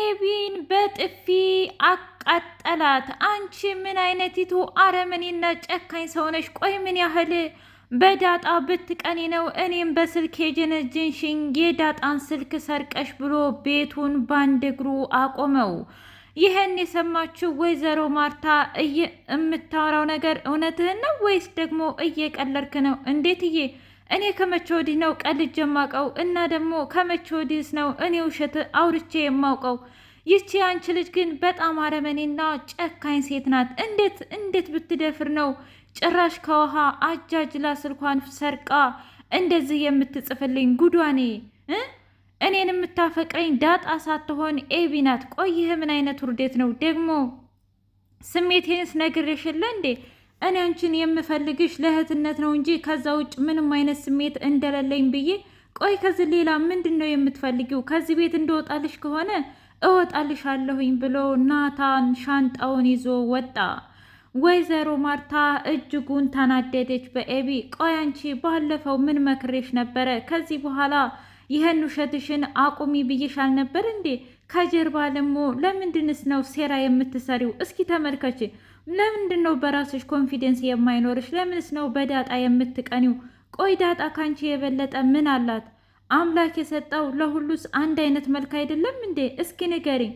ኤቢን በጥፊ አቃጠላት። አንቺ ምን አይነቲቱ አረመኔና ጨካኝ ሰውነሽ? ቆይ ምን ያህል በዳጣ ብትቀኒ ነው እኔም በስልክ የጀነጅንሽኝ የዳጣን ስልክ ሰርቀሽ ብሎ ቤቱን ባንድ እግሩ አቆመው። ይህን የሰማችው ወይዘሮ ማርታ የምታወራው ነገር እውነትህን ነው ወይስ ደግሞ እየቀለድክ ነው? እንዴትዬ እኔ ከመቼ ወዲህ ነው ቀልጅ የማውቀው? እና ደግሞ ከመቼ ወዲህስ ነው እኔ ውሸት አውርቼ የማውቀው? ይቺ አንቺ ልጅ ግን በጣም አረመኔና ጨካኝ ሴት ናት። እንዴት እንዴት ብትደፍር ነው ጭራሽ ከውሃ አጃጅላ ስልኳን ሰርቃ እንደዚህ የምትጽፍልኝ? ጉዷኔ እኔን የምታፈቅረኝ ዳጣ ሳትሆን ኤቢ ናት። ቆይህ ምን አይነት ውርዴት ነው ደግሞ? ስሜቴንስ ነግሬሽ የለ እንዴ? እኔ አንቺን የምፈልግሽ ለእህትነት ነው እንጂ ከዛ ውጭ ምንም አይነት ስሜት እንደሌለኝ ብዬ ቆይ ከዚህ ሌላ ምንድን ነው የምትፈልጊው? ከዚህ ቤት እንደወጣልሽ ከሆነ እወጣልሽ አለሁኝ ብሎ ናታን ሻንጣውን ይዞ ወጣ። ወይዘሮ ማርታ እጅጉን ተናደደች በኤቢ። ቆይ አንቺ ባለፈው ምን መክሬሽ ነበረ? ከዚህ በኋላ ይህን ውሸትሽን አቁሚ ብዬሽ አልነበር እንዴ? ከጀርባ ደግሞ ለምንድንስ ነው ሴራ የምትሰሪው? እስኪ ተመልከች ለምንድን ነው በራስሽ ኮንፊደንስ የማይኖርሽ? ለምንስ ነው በዳጣ የምትቀኒው? ቆይ ዳጣ ካንቺ የበለጠ ምን አላት? አምላክ የሰጠው ለሁሉስ አንድ አይነት መልክ አይደለም እንዴ? እስኪ ንገሪኝ።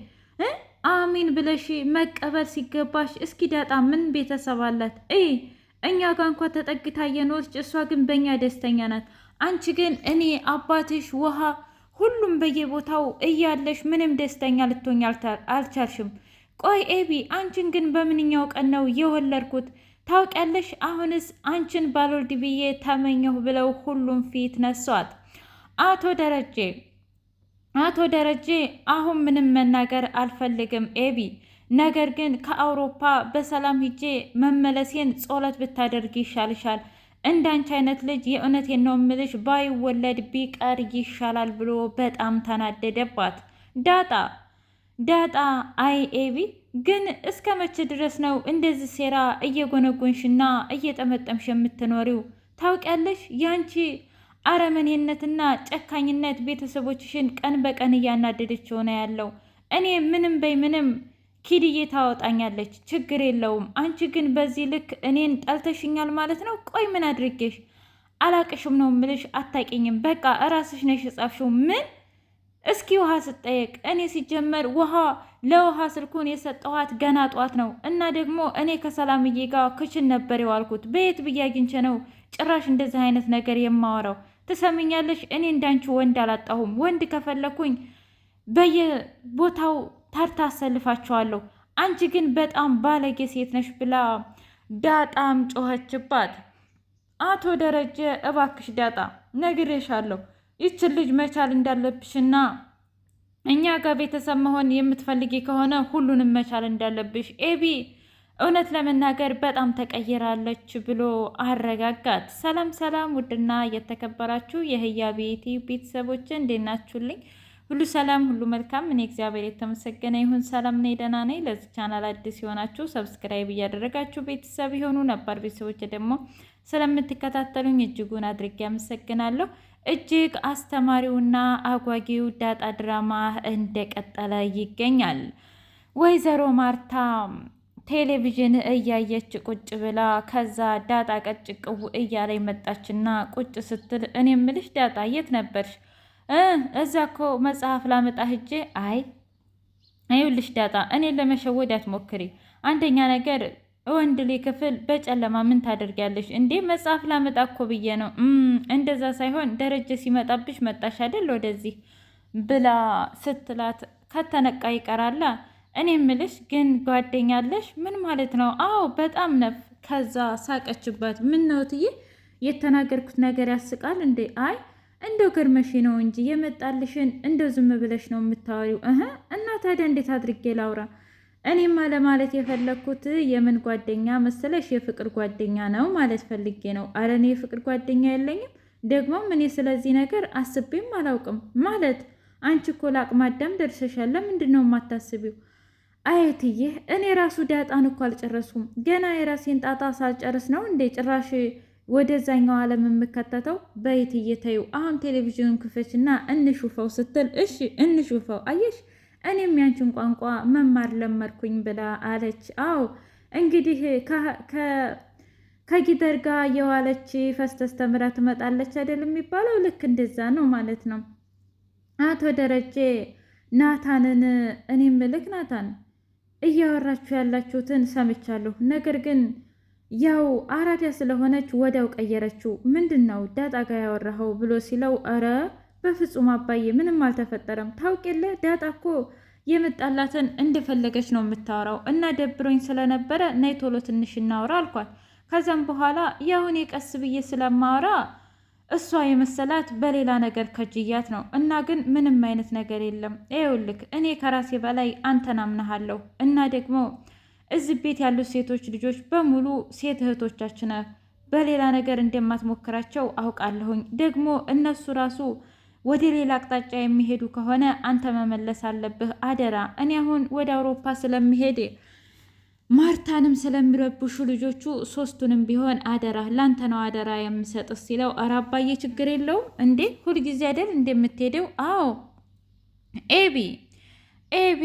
አሚን ብለሽ መቀበል ሲገባሽ፣ እስኪ ዳጣ ምን ቤተሰብ አላት? እይ እኛ ጋ እንኳ ተጠግታ የኖረች እሷ ግን በእኛ ደስተኛ ናት። አንቺ ግን እኔ አባትሽ ውሃ ሁሉም በየቦታው እያለሽ ምንም ደስተኛ ልትሆኝ አልቻልሽም። ቆይ ኤቢ አንቺን ግን በምንኛው ቀን ነው የወለድኩት? ታውቂያለሽ? አሁንስ አንቺን ባልወልድ ብዬ ተመኘሁ ብለው ሁሉም ፊት ነሷት። አቶ ደረጀ አቶ ደረጀ አሁን ምንም መናገር አልፈልግም ኤቢ፣ ነገር ግን ከአውሮፓ በሰላም ሂጄ መመለሴን ጸሎት ብታደርግ ይሻልሻል። እንዳንቺ አይነት ልጅ የእውነቴን ነው እምልሽ ባይወለድ ቢቀር ይሻላል ብሎ በጣም ተናደደባት ዳጣ ዳጣ አይ ኤቢ ግን እስከ መቼ ድረስ ነው እንደዚህ ሴራ እየጎነጎንሽና እየጠመጠምሽ የምትኖሪው? ታውቂያለሽ ያንቺ አረመኔነትና ጨካኝነት ቤተሰቦችሽን ቀን በቀን እያናደደች ሆነ ያለው። እኔ ምንም በይ ምንም ኪድዬ ታወጣኛለች፣ ችግር የለውም። አንቺ ግን በዚህ ልክ እኔን ጠልተሽኛል ማለት ነው? ቆይ ምን አድርጌሽ? አላቅሽም ነው ምልሽ፣ አታቂኝም። በቃ እራስሽ ነሽ የጻፍሽው ምን እስኪ ውሃ ስጠየቅ እኔ ሲጀመር ውሃ ለውሃ ስልኩን የሰጠኋት ገና ጧት ነው። እና ደግሞ እኔ ከሰላምዬ ጋር ክችን ነበር የዋልኩት። በየት ብዬ አግኝቼ ነው ጭራሽ እንደዚህ አይነት ነገር የማወራው? ትሰምኛለሽ? እኔ እንዳንቺ ወንድ አላጣሁም። ወንድ ከፈለኩኝ በየቦታው ታርታ አሰልፋቸዋለሁ አንቺ ግን በጣም ባለጌ ሴት ነሽ ብላ ዳጣም ጮኸችባት። አቶ ደረጀ እባክሽ ዳጣ ነግሬሻለሁ ይችን ልጅ መቻል እንዳለብሽና እኛ ጋር ቤተሰብ መሆን የምትፈልጊ ከሆነ ሁሉንም መቻል እንዳለብሽ ኤቢ እውነት ለመናገር በጣም ተቀይራለች ብሎ አረጋጋት። ሰላም ሰላም! ውድና የተከበራችሁ የህያ ቤቲ ቤተሰቦች እንዴት ናችሁልኝ? ሁሉ ሰላም፣ ሁሉ መልካም። እኔ እግዚአብሔር የተመሰገነ ይሁን ሰላም ነኝ፣ ደህና ነኝ። ለዚህ ቻናል አዲስ የሆናችሁ ሰብስክራይብ እያደረጋችሁ ቤተሰብ የሆኑ ነባር ቤተሰቦች ደግሞ ስለምትከታተሉኝ እጅጉን አድርጌ አመሰግናለሁ። እጅግ አስተማሪውና አጓጊው ዳጣ ድራማ እንደቀጠለ ይገኛል። ወይዘሮ ማርታ ቴሌቪዥን እያየች ቁጭ ብላ ከዛ ዳጣ ቀጭቅው እያለ መጣችና ቁጭ ስትል እኔ ምልሽ ዳጣ የት ነበርሽ? እዛ እኮ መጽሐፍ ላመጣ ሂጄ አይ ይኸውልሽ ዳጣ እኔ ለመሸወድ አትሞክሪ። አንደኛ ነገር ወንድ ክፍል በጨለማ ምን ታደርጊያለሽ እንዴ? መጽሐፍ ላመጣ እኮ ብዬ ነው። እንደዛ ሳይሆን ደረጀ ሲመጣብሽ መጣሽ አይደል ወደዚህ ብላ ስትላት ከተነቃ ይቀራላ። እኔ ምልሽ ግን ጓደኛለሽ ምን ማለት ነው? አዎ በጣም ነፍ። ከዛ ሳቀችበት። ምን ነው የተናገርኩት ነገር ያስቃል እንዴ? አይ እንደው ከርመሽ ነው እንጂ የመጣልሽን እንደው ዝም ብለሽ ነው የምታወሪው እ እና ታዲያ እንዴት አድርጌ ላውራ? እኔማ ለማለት የፈለግኩት የምን ጓደኛ መሰለሽ? የፍቅር ጓደኛ ነው ማለት ፈልጌ ነው። አረ እኔ የፍቅር ጓደኛ የለኝም። ደግሞም እኔ ስለዚህ ነገር አስቤም አላውቅም። ማለት አንቺ እኮ ለአቅመ አዳም ደርሰሻል። ለምንድን ነው የማታስቢው? አየትዬ እኔ ራሱ ዳጣን እኮ አልጨረስኩም ገና። የራሴን ጣጣ ሳልጨርስ ነው እንዴ ጭራሽ ወደዛኛው ዓለም የምከተተው በየት እየተዩ አሁን ቴሌቪዥኑን ክፈችና እንሹፈው ስትል እሺ እንሹፈው። አየሽ እኔም ያንችን ቋንቋ መማር ለመድኩኝ ብላ አለች። አዎ እንግዲህ ከጊደር ጋር የዋለች ፈስተስ ተምራ ትመጣለች አይደል የሚባለው? ልክ እንደዛ ነው ማለት ነው። አቶ ደረጀ ናታንን እኔም ልክ ናታን እያወራችሁ ያላችሁትን ሰምቻለሁ፣ ነገር ግን ያው አራዳ ስለሆነች ወዲያው ቀየረችው። ምንድን ነው ዳጣ ጋር ያወራኸው ብሎ ሲለው እረ በፍጹም አባዬ ምንም አልተፈጠረም። ታውቅ የለ ዳጣ እኮ የመጣላትን እንደፈለገች ነው የምታወራው እና ደብሮኝ ስለነበረ ነይ ቶሎ ትንሽ እናወራ አልኳት። ከዚያም በኋላ ያሁን የቀስ ብዬ ስለማወራ እሷ የመሰላት በሌላ ነገር ከጅያት ነው እና ግን ምንም አይነት ነገር የለም። ይኸውልህ እኔ ከራሴ በላይ አንተን አምናሃለሁ እና ደግሞ እዚህ ቤት ያሉት ሴቶች ልጆች በሙሉ ሴት እህቶቻችን በሌላ ነገር እንደማትሞክራቸው አውቃለሁኝ። ደግሞ እነሱ ራሱ ወደ ሌላ አቅጣጫ የሚሄዱ ከሆነ አንተ መመለስ አለብህ፣ አደራ። እኔ አሁን ወደ አውሮፓ ስለሚሄድ ማርታንም ስለሚረብሹ ልጆቹ ሶስቱንም ቢሆን አደራ፣ ላንተ ነው አደራ የምሰጥህ ሲለው፣ ኧረ አባዬ ችግር የለውም እንዴ ሁልጊዜ አይደል እንደምትሄደው? አዎ ኤቢ ኤቢ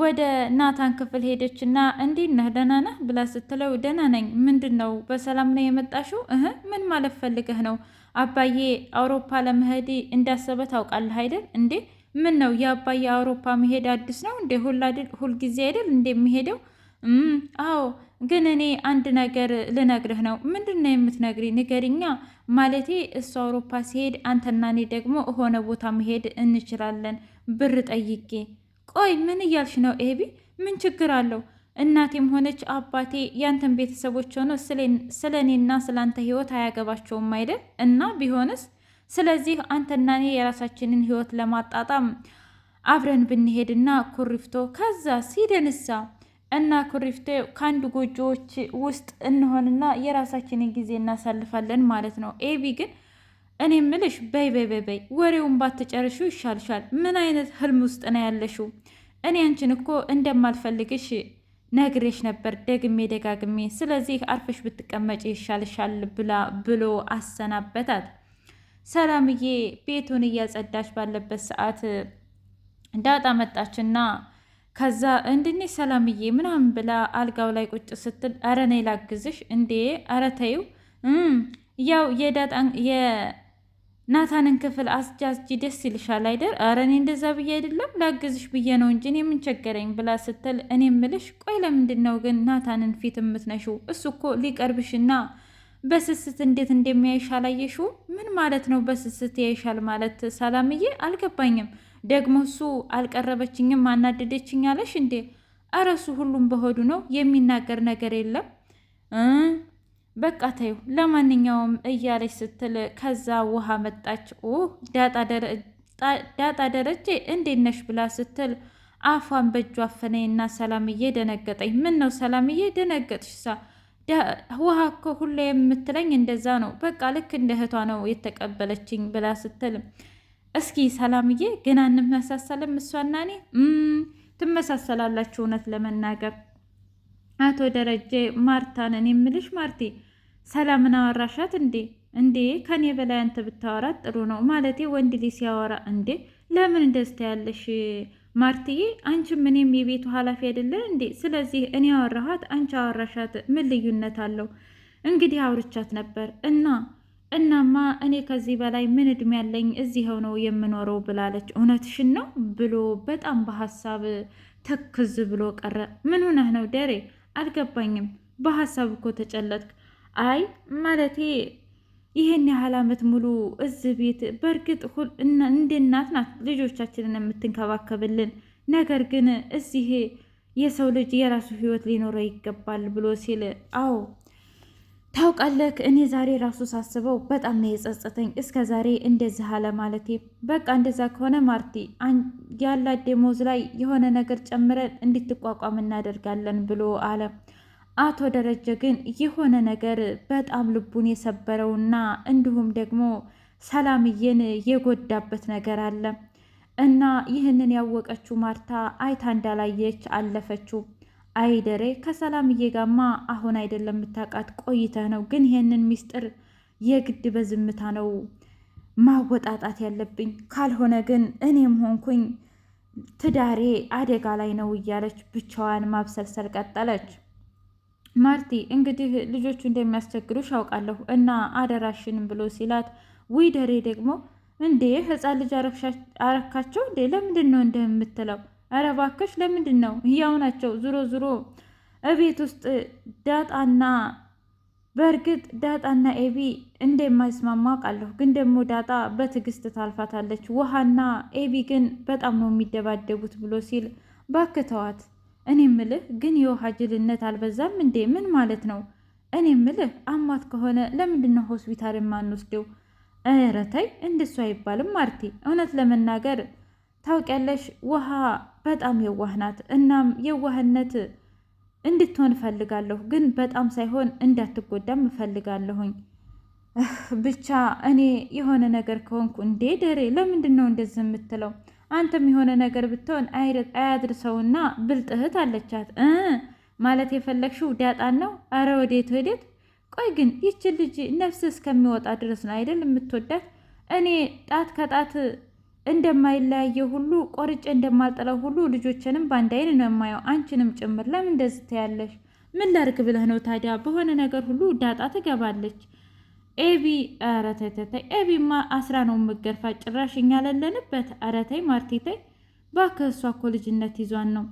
ወደ ናታን ክፍል ሄደች እና እንዴት ነህ ደህና ነህ ብላ ስትለው ደህና ነኝ። ምንድን ነው በሰላም ነው የመጣሽው? እህ ምን ማለት ፈልገህ ነው? አባዬ አውሮፓ ለመሄድ እንዳሰበ ታውቃለህ አይደል እንዴ? ምን ነው የአባዬ አውሮፓ መሄድ አዲስ ነው እንዴ? ሁልጊዜ አይደል እንዴ የሚሄደው? አዎ ግን እኔ አንድ ነገር ልነግርህ ነው። ምንድን ነው የምትነግሪ? ንገሪኛ። ማለቴ እሱ አውሮፓ ሲሄድ አንተና እኔ ደግሞ ሆነ ቦታ መሄድ እንችላለን ብር ጠይቄ ቆይ ምን እያልሽ ነው ኤቢ? ምን ችግር አለው? እናቴም ሆነች አባቴ ያንተን ቤተሰቦች ሆኖ ስለ እኔና ስለ አንተ ህይወት አያገባቸውም አይደል? እና ቢሆንስ? ስለዚህ አንተና እኔ የራሳችንን ህይወት ለማጣጣም አብረን ብንሄድና ኩሪፍቶ ከዛ ሲደንሳ እና ኩሪፍቶ ከአንድ ጎጆዎች ውስጥ እንሆንና የራሳችንን ጊዜ እናሳልፋለን ማለት ነው። ኤቢ ግን እኔ ምልሽ በይ በይ በይ በይ ወሬውን ባትጨርሹ ይሻልሻል። ምን አይነት ህልም ውስጥ ነው ያለሽው? እኔ አንቺን እኮ እንደማልፈልግሽ ነግሬሽ ነበር ደግሜ ደጋግሜ። ስለዚህ አርፈሽ ብትቀመጭ ይሻልሻል ብላ ብሎ አሰናበታት። ሰላምዬ ቤቱን እያጸዳች ባለበት ሰዓት ዳጣ መጣችና ከዛ እንድኔ ሰላምዬ ምናምን ብላ አልጋው ላይ ቁጭ ስትል አረ ነይ ላግዝሽ እንዴ አረ ተይው ያው የዳጣ ናታንን ክፍል አስጃዝጂ ደስ ይልሻል አይደር? አረ እኔ እንደዛ ብዬ አይደለም ላግዝሽ ብዬ ነው እንጂ እኔ የምንቸገረኝ ብላ ስትል፣ እኔ ምልሽ ቆይ ለምንድን ነው ግን ናታንን ፊት የምትነሺው? እሱ እኮ ሊቀርብሽና በስስት እንዴት እንደሚያይሽ አላየሽው? ምን ማለት ነው በስስት ያይሻል ማለት? ሰላምዬ አልገባኝም። ደግሞ እሱ አልቀረበችኝም አናደደችኝ አለሽ እንዴ? አረ እሱ ሁሉም በሆዱ ነው የሚናገር ነገር የለም። በቃ ተዩ ለማንኛውም እያለች ስትል ከዛ ውሃ መጣች። ዳጣ ደረጀ እንዴት ነሽ ብላ ስትል አፏን በእጇ አፈነኝ እና ሰላምዬ ደነገጠኝ። ምን ነው ሰላምዬ ሳ ውሃ እኮ ሁሌ የምትለኝ እንደዛ ነው። በቃ ልክ እንደ እህቷ ነው የተቀበለችኝ ብላ ስትል እስኪ ሰላምዬ ግን አንመሳሰልም እሷና እኔ ትመሳሰላላችሁ እውነት ለመናገር አቶ ደረጀ ማርታን፣ እኔ የምልሽ ማርቴ ሰላምን አወራሻት እንዴ? እንዴ ከኔ በላይ አንተ ብታወራት ጥሩ ነው። ማለቴ ወንድ ልጅ ሲያወራ እንዴ ለምን ደስታ ያለሽ ማርትዬ? አንቺም እኔም የቤቱ ኃላፊ አይደለን እንዴ? ስለዚህ እኔ አወራኋት፣ አንቺ አወራሻት፣ ምን ልዩነት አለው? እንግዲህ አውርቻት ነበር እና እናማ እኔ ከዚህ በላይ ምን እድሜ ያለኝ እዚህ ነው የምኖረው ብላለች። እውነትሽን ነው ብሎ በጣም በሀሳብ ተክዝ ብሎ ቀረ። ምን ሆነህ ነው ደሬ አልገባኝም። በሀሳብ እኮ ተጨለጥክ። አይ ማለቴ ይህን ያህል አመት ሙሉ እዚህ ቤት በእርግጥ እንደ እናት ናት ልጆቻችንን የምትንከባከብልን። ነገር ግን እዚህ የሰው ልጅ የራሱ ህይወት ሊኖረው ይገባል ብሎ ሲል አዎ ታውቃለህ እኔ ዛሬ ራሱ ሳስበው በጣም ነው የጸጸተኝ። እስከ ዛሬ እንደዚህ አለ ማለቴ። በቃ እንደዛ ከሆነ ማርቲ ያላት ደሞዝ ላይ የሆነ ነገር ጨምረን እንድትቋቋም እናደርጋለን ብሎ አለ። አቶ ደረጀ ግን የሆነ ነገር በጣም ልቡን የሰበረውና እንዲሁም ደግሞ ሰላምዬን የጎዳበት ነገር አለ እና ይህንን ያወቀችው ማርታ አይታ እንዳላየች አለፈችው። አይደሬ ከሰላምዬ ጋማ አሁን አይደለም የምታውቃት ቆይተህ ነው። ግን ይሄንን ሚስጥር የግድ በዝምታ ነው ማወጣጣት ያለብኝ፣ ካልሆነ ግን እኔም ሆንኩኝ ትዳሬ አደጋ ላይ ነው እያለች ብቻዋን ማብሰልሰል ቀጠለች። ማርቲ እንግዲህ ልጆቹ እንደሚያስቸግሩሽ አውቃለሁ እና አደራሽንም ብሎ ሲላት፣ ዊደሬ ደግሞ እንዴ ህፃን ልጅ አረካቸው እንዴ ለምንድን ነው እንደምትለው እረ እባክሽ ለምንድን ነው ህያው ናቸው። ዞሮ ዞሮ እቤት ውስጥ ዳጣና በእርግጥ ዳጣና ኤቢ እንደማይስማማ አውቃለሁ፣ ግን ደግሞ ዳጣ በትዕግስት ታልፋታለች። ውሃና ኤቢ ግን በጣም ነው የሚደባደቡት ብሎ ሲል ባክተዋት። እኔ ምልህ ግን የውሃ ጅልነት አልበዛም እንዴ? ምን ማለት ነው? እኔ ምልህ አማት ከሆነ ለምንድነው ሆስፒታል የማንወስደው? ኧረ ተይ እንደሱ አይባልም ማርቴ። እውነት ለመናገር ታውቂያለሽ ውሃ በጣም የዋህ ናት። እናም የዋህነት እንድትሆን እፈልጋለሁ፣ ግን በጣም ሳይሆን እንዳትጎዳም እፈልጋለሁኝ። ብቻ እኔ የሆነ ነገር ከሆንኩ እንዴ ደሬ፣ ለምንድን ነው እንደዚህ የምትለው? አንተም የሆነ ነገር ብትሆን አያድርሰውና ብልጥህት አለቻት። ማለት የፈለግሽው ዳጣን ነው? አረ ወዴት ወዴት? ቆይ ግን ይችን ልጅ ነፍስ እስከሚወጣ ድረስ ነው አይደል የምትወዳት? እኔ ጣት ከጣት እንደማይለያየው ሁሉ ቆርጬ እንደማልጠላው ሁሉ ልጆችንም በአንድ አይን ነው የማየው፣ አንቺንም ጭምር። ለምን እንደዚህ ትያለሽ? ምን ላርግ ብለህ ነው ታዲያ? በሆነ ነገር ሁሉ ዳጣ ትገባለች። ኤቢ ኧረ ተይ ተይ ተይ፣ ኤቢማ አስራ ነው የምገርፋ። ጭራሽ እኛ ለለንበት። ኧረ ተይ ማርቴ ተይ፣ እባክህ። እሷ እኮ ልጅነት ይዟን ነው።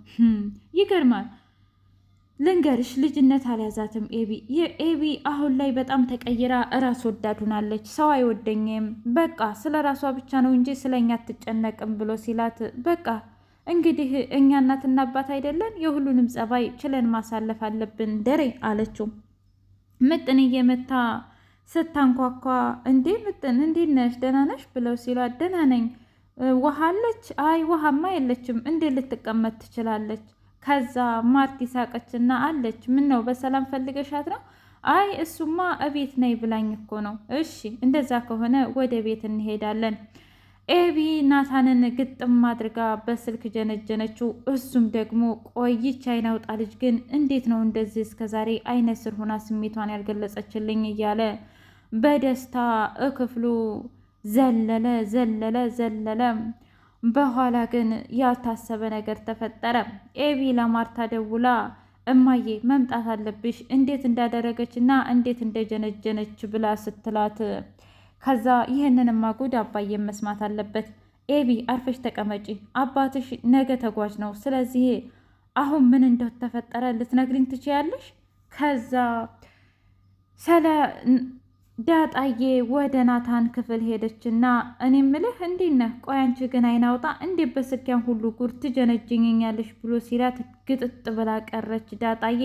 ይገርማል ልንገርሽ ልጅነት አልያዛትም። ኤቢ የኤቢ አሁን ላይ በጣም ተቀይራ ራስ ወዳድ ሆናለች። ሰው አይወደኝም፣ በቃ ስለ ራሷ ብቻ ነው እንጂ ስለ እኛ አትጨነቅም ብሎ ሲላት፣ በቃ እንግዲህ እኛ እናትና አባት አይደለን የሁሉንም ጸባይ ችለን ማሳለፍ አለብን ደሬ አለችው። ምጥን እየመታ ስታንኳኳ፣ እንዴ ምጥን እንዴት ነሽ ደህና ነሽ ብለው ሲሏት ደህና ነኝ ውሃ አለች? አይ ውሃማ የለችም። እንዴ ልትቀመጥ ትችላለች? ከዛ ማርቲ ሳቀችና አለች፣ ምን ነው በሰላም ፈልገሻት ነው? አይ እሱማ እቤት ነይ ብላኝ እኮ ነው። እሺ እንደዛ ከሆነ ወደ ቤት እንሄዳለን። ኤቢ ናታንን ግጥም አድርጋ በስልክ ጀነጀነችው። እሱም ደግሞ ቆይች አይናውጣ ልጅ ግን እንዴት ነው እንደዚህ እስከዛሬ አይነ ስር ሆና ስሜቷን ያልገለጸችልኝ እያለ በደስታ እክፍሉ ዘለለ ዘለለ ዘለለ በኋላ ግን ያልታሰበ ነገር ተፈጠረ። ኤቢ ለማርታ ደውላ እማዬ መምጣት አለብሽ እንዴት እንዳደረገች እና እንዴት እንደጀነጀነች ብላ ስትላት፣ ከዛ ይህንን ማጉድ አባዬ መስማት አለበት። ኤቢ አርፈሽ ተቀመጪ፣ አባትሽ ነገ ተጓዥ ነው። ስለዚህ አሁን ምን እንደተፈጠረ ልትነግሪኝ ትችያለሽ? ከዛ ዳጣዬ ወደ ናታን ክፍል ሄደችና እኔ ምልህ እንዴት ነህ? ቆይ አንቺ ግን አይናውጣ እንዴ በስኪያን ሁሉ ጉድ ትጀነጅኝኛለሽ ብሎ ሲላት ግጥጥ ብላ ቀረች ዳጣዬ።